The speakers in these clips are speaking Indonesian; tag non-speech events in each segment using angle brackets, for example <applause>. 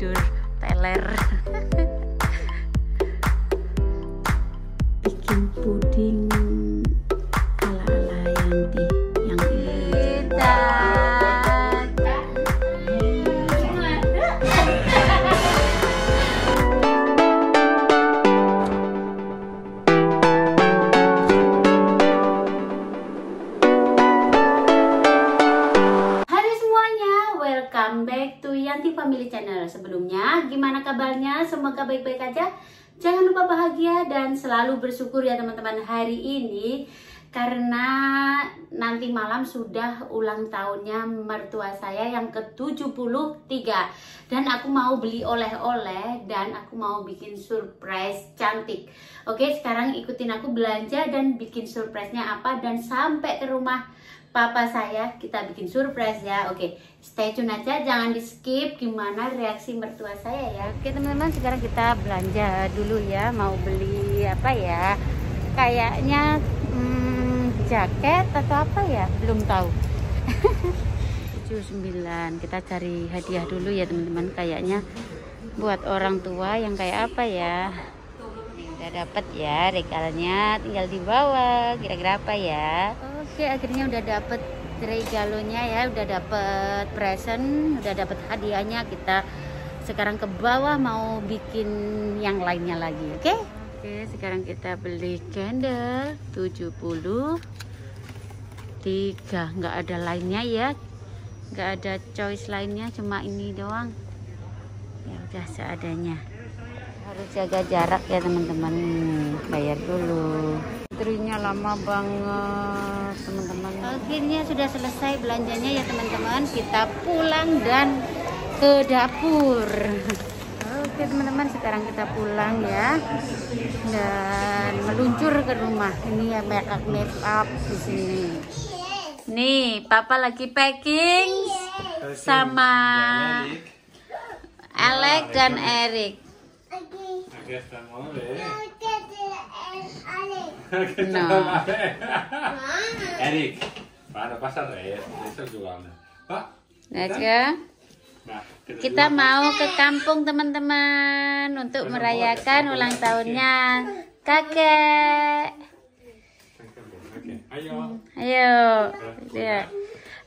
tidur teler <laughs> welcome back to Yanti Family Channel Sebelumnya, gimana kabarnya? Semoga baik-baik aja Jangan lupa bahagia dan selalu bersyukur ya teman-teman hari ini Karena nanti malam sudah ulang tahunnya mertua saya yang ke-73 Dan aku mau beli oleh-oleh dan aku mau bikin surprise cantik Oke, sekarang ikutin aku belanja dan bikin surprise-nya apa Dan sampai ke rumah papa saya kita bikin surprise ya oke stay tune aja jangan di skip gimana reaksi mertua saya ya oke teman-teman sekarang kita belanja dulu ya mau beli apa ya kayaknya hmm, jaket atau apa ya belum tahu 79 <laughs> kita cari hadiah dulu ya teman-teman kayaknya buat orang tua yang kayak apa ya udah dapat ya regalnya tinggal dibawa kira-kira apa ya Oke akhirnya udah dapet regalonya ya udah dapet present udah dapet hadiahnya kita sekarang ke bawah mau bikin yang lainnya lagi oke okay? oke sekarang kita beli candle 70 tiga nggak ada lainnya ya nggak ada choice lainnya cuma ini doang ya udah seadanya harus jaga jarak ya teman-teman bayar dulu antrinya lama banget teman-teman akhirnya sudah selesai belanjanya ya teman-teman kita pulang dan ke dapur oke teman-teman sekarang kita pulang ya dan meluncur ke rumah ini ya make makeup make di sini nih papa lagi packing sama Alex nah, dan Eric. Oke, no. Nah. Erik, pasar ya, jualan. Pak. kita, ya. nah, mau ke kampung teman-teman untuk merayakan ulang tahunnya kakek. Ayo. Ayo. Ya.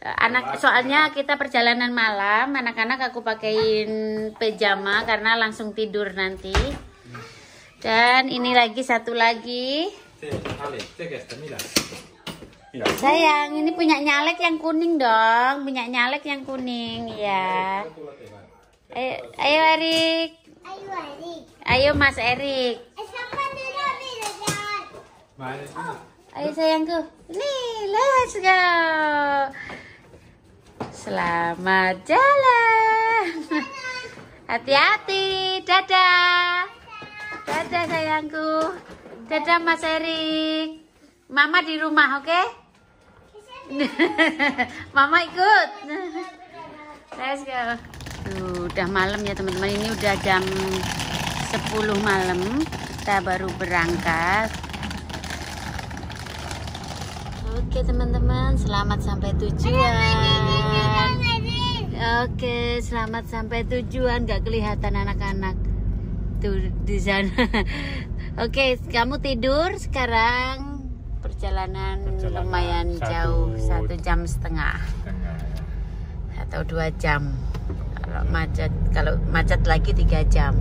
Anak soalnya kita perjalanan malam, anak-anak aku pakaiin pejama karena langsung tidur nanti. Dan ini lagi satu lagi. Sayang, ini punya nyalek yang kuning dong. Punya nyalek yang kuning ya. Ayo, ayo Erik. Ayo Mas Erik. Ayo sayangku. Nih, let's go. Selamat jalan. Hati-hati. Dadah. Dadah sayangku. Dadah Mas Erik. Mama di rumah, oke? Okay? <laughs> Mama ikut. <laughs> Let's go. Tuh, udah malam ya teman-teman. Ini udah jam 10 malam. Kita baru berangkat. Oke teman-teman, selamat sampai tujuan. Oke, selamat sampai tujuan. Gak kelihatan anak-anak itu di sana. <laughs> Oke, okay, kamu tidur sekarang perjalanan, perjalanan lumayan satu, jauh satu jam setengah, atau dua jam kalau macet kalau macet lagi tiga jam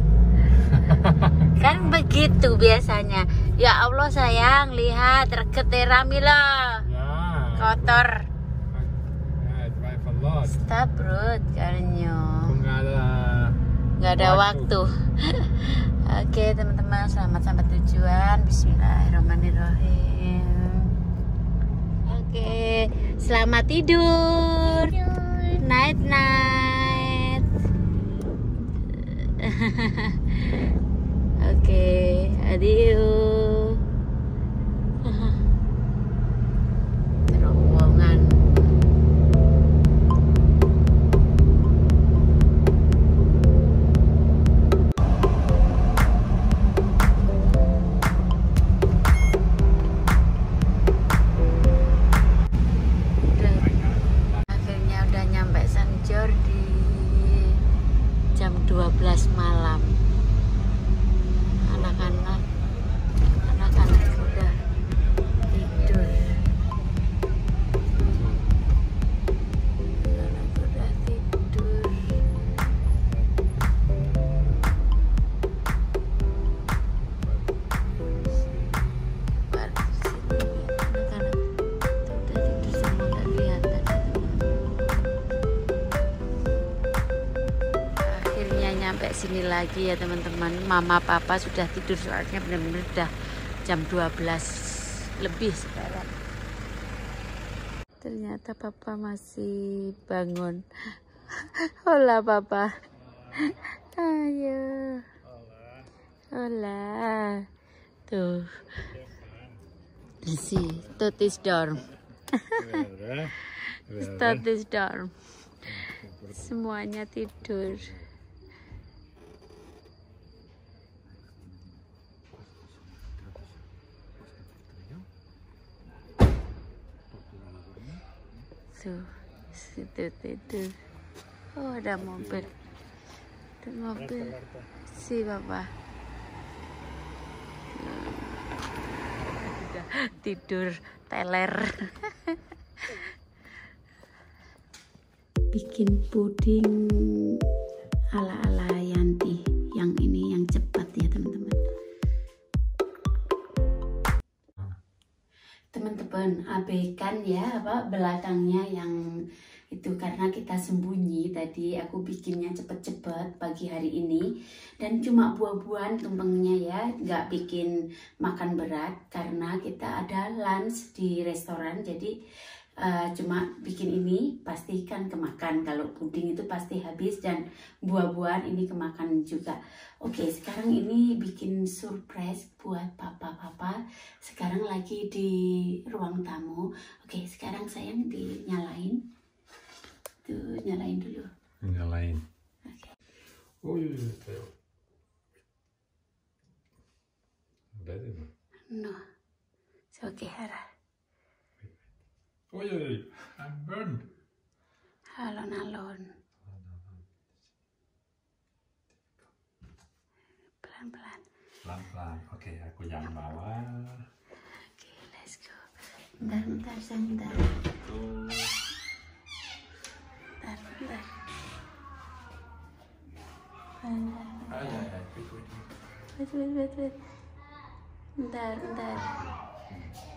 <laughs> kan begitu biasanya ya Allah sayang lihat reket ya, mila, ya. kotor ya, stop road karena nggak ada nggak ada waktu, waktu. <laughs> Oke teman-teman selamat sampai tujuan Bismillahirrahmanirrahim Oke selamat tidur, Night night <laughs> Oke adieu sini lagi ya teman-teman mama papa sudah tidur soalnya benar-benar sudah jam 12 lebih sekarang ternyata papa masih bangun <laughs> hola papa ayo hola tuh si totis dorm iya, iya. <laughs> totis dorm semuanya tidur tuh situ itu oh ada mobil ada mobil si bapak tidur teler bikin puding ala ala teman-teman abaikan ya apa belakangnya yang itu karena kita sembunyi tadi aku bikinnya cepet-cepet pagi hari ini dan cuma buah-buahan tumpengnya ya nggak bikin makan berat karena kita ada lunch di restoran jadi Eh, cuma bikin ini pastikan kemakan kalau puding itu pasti habis dan buah-buahan ini kemakan juga oke okay, sekarang ini bikin surprise buat papa-papa sekarang lagi di ruang tamu oke okay, sekarang sayang dinyalain tuh nyalain dulu nyalain okay. oh iya, iya. iya. No. oke okay, harap Halo oj, I'm burned. Hallon, hallon. Pelan-pelan. Pelan-pelan. Oke, okay, aku yang bawah. Oke, okay, let's go. Bentar, bentar, bentar. Bentar, bentar. Bentar, bentar. Wait, wait, Bentar, bentar. Hmm.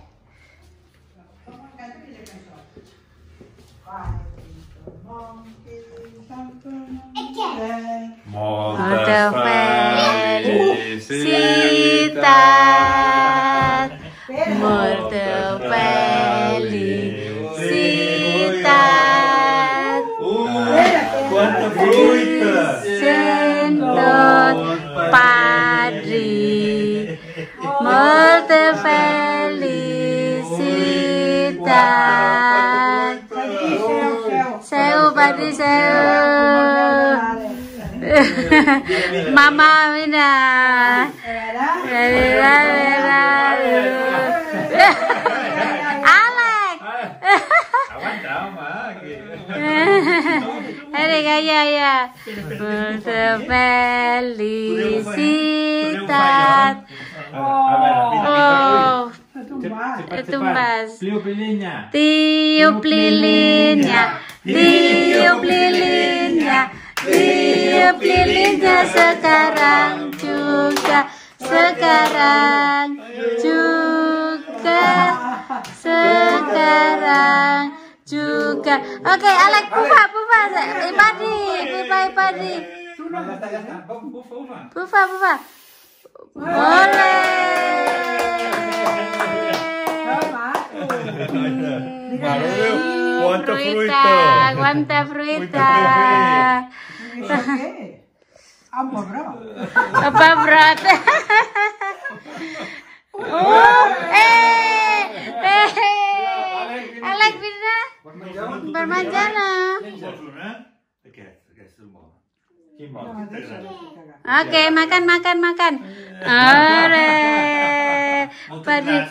Again. Mother Sita. <laughs> Mama Mina. Alex. Aguanta, mamá. <laughs> ya, ya. Te felicita. Oh. Tumbas. Tío Pliliña. Tío Pliliña. Tío Pliliña. Tiup lilinnya sekarang juga Sekarang juga Sekarang juga Oke Alek Pufa Pufa Ipadi pupa Ipadi Pufa Pufa boleh Guanta fruita, guanta fruita. Apa berat? Apa berat? oh, eh, eh, Alek Birna, bermanjana. Oke, oke, semua. Iya, iya, iya. Oke, okay, makan, makan, makan. Ore. Padi. <laughs>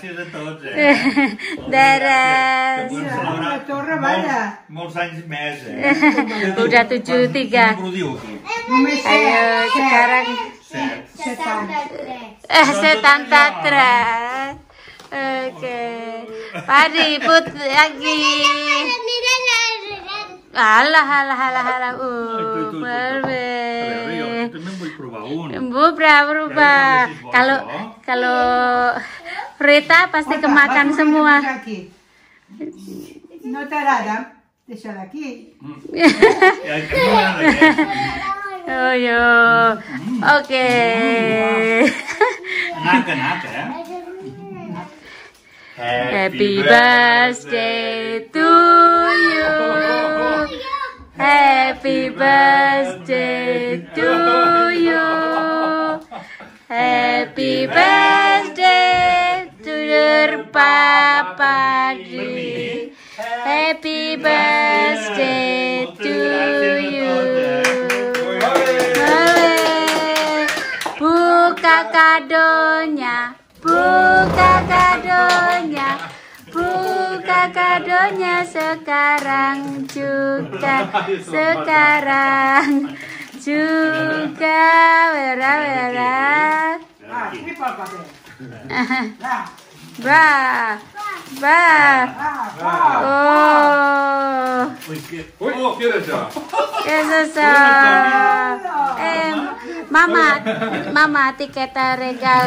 Ya? <laughs> Udah tujuh tiga. Ya. Ayo sekarang. Eh, setanta tatra. Oke. Padi put lagi. Alah, alah, alah, alah. Ah, uh, Marvel. Bu, berapa bravo. Kalau ya. kalau Rita pasti kemakan semua. No tarada, deixar mm. <laughs> ya, ya, Oh, yo. Mm. Oke. Mm. Naka, kenapa Happy birthday to you. Happy birthday to you. Happy birthday. kadonya sekarang juga sekarang juga wera wera nah, nah. ba ba oh eh mama mama tiket regal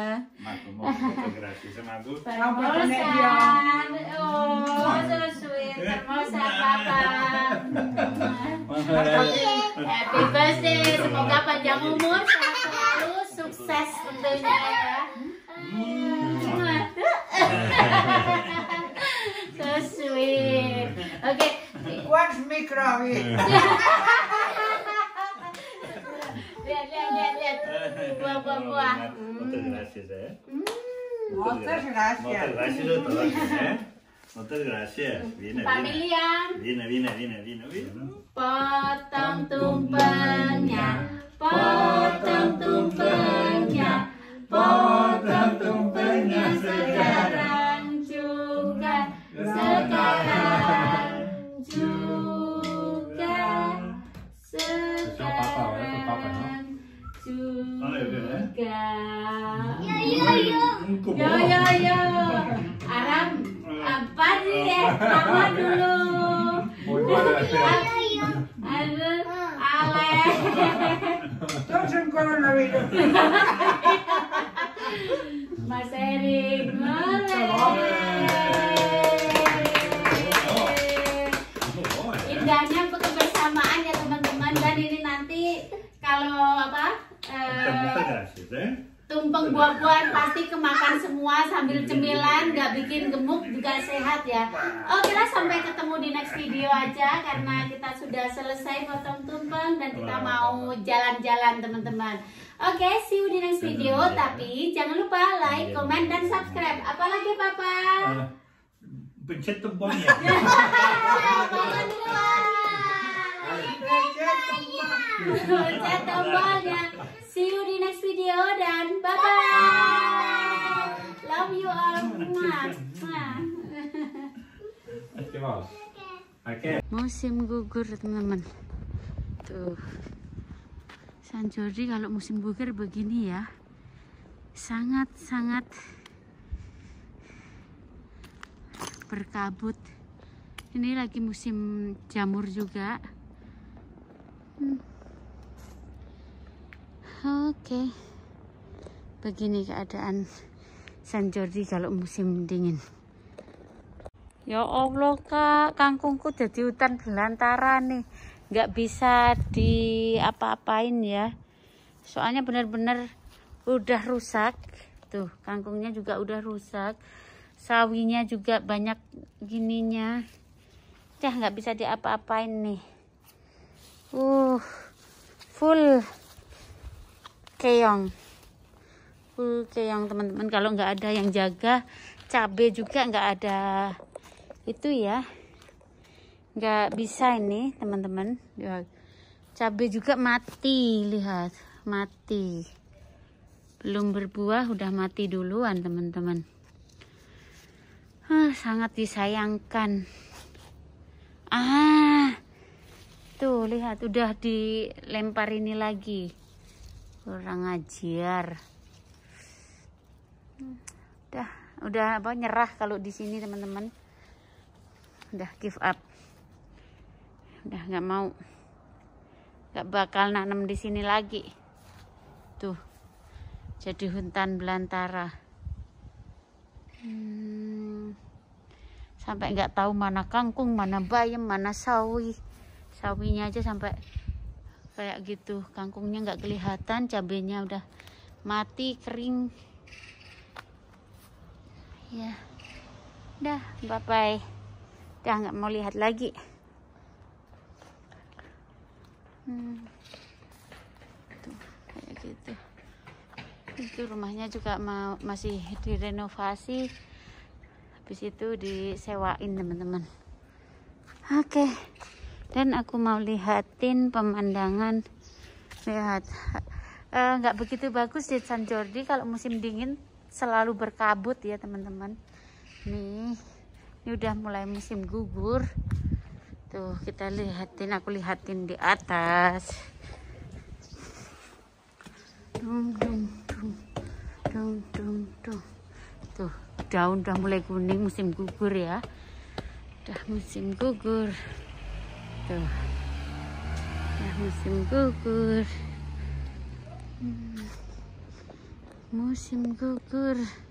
Terima kasih sama aku termosan oh so sweet happy birthday semoga panjang umur selalu sukses tentunya ya so sweet oke okay. what's microwave eh. lihat lihat lihat lihat buah buah buah terima kasih saya Muchas gracias. Muchas gracias a todos, ¿eh? Muchas gracias. <laughs> Viene, Familia. Viene, viene, viene, viene, viene. Potong tumpengnya, potong tumpengnya, potong Mas Erik, boleh. Indahnya kebersamaan ya teman-teman dan ini nanti kalau apa? Eh, tumpeng buah-buahan pasti kemakan semua sambil cemilan nggak bikin gemuk juga sehat ya Oke lah sampai ketemu di next video aja karena kita sudah selesai potong tumpeng dan kita mau jalan-jalan teman-teman Oke, okay, see you di next video. Ya. Tapi jangan lupa like, iya. comment, dan subscribe. Apalagi Papa? Uh, pencet tombolnya. <laughs> pencet tombolnya. See you di next video dan bye bye. Love you all. Oke. Okay. Musim gugur teman-teman. Tuh. San Jordi kalau musim gugur begini ya sangat-sangat berkabut ini lagi musim jamur juga hmm. oke okay. begini keadaan San Jordi kalau musim dingin ya Allah kak kangkungku jadi hutan belantara nih nggak bisa di apa apain ya soalnya benar-benar udah rusak tuh kangkungnya juga udah rusak sawinya juga banyak gininya ya nggak bisa di apa apain nih uh full keong full keong teman-teman kalau nggak ada yang jaga cabe juga nggak ada itu ya nggak bisa ini teman-teman ya. cabai juga mati lihat mati belum berbuah udah mati duluan teman-teman ah, sangat disayangkan ah tuh lihat udah dilempar ini lagi kurang ajar udah udah apa nyerah kalau di sini teman-teman udah give up udah nggak mau nggak bakal nanam di sini lagi tuh jadi hutan belantara hmm, sampai nggak tahu mana kangkung mana bayam mana sawi sawinya aja sampai kayak gitu kangkungnya nggak kelihatan cabenya udah mati kering ya udah bye bye udah nggak mau lihat lagi Hmm. tuh kayak gitu itu rumahnya juga mau masih direnovasi habis itu disewain teman-teman oke okay. dan aku mau lihatin pemandangan lihat eh, nggak uh, begitu bagus di San Jordi kalau musim dingin selalu berkabut ya teman-teman nih ini udah mulai musim gugur tuh kita lihatin aku lihatin di atas dung dung dung dung dung dung tuh daun udah mulai kuning musim gugur ya udah musim gugur tuh udah musim gugur hmm. musim gugur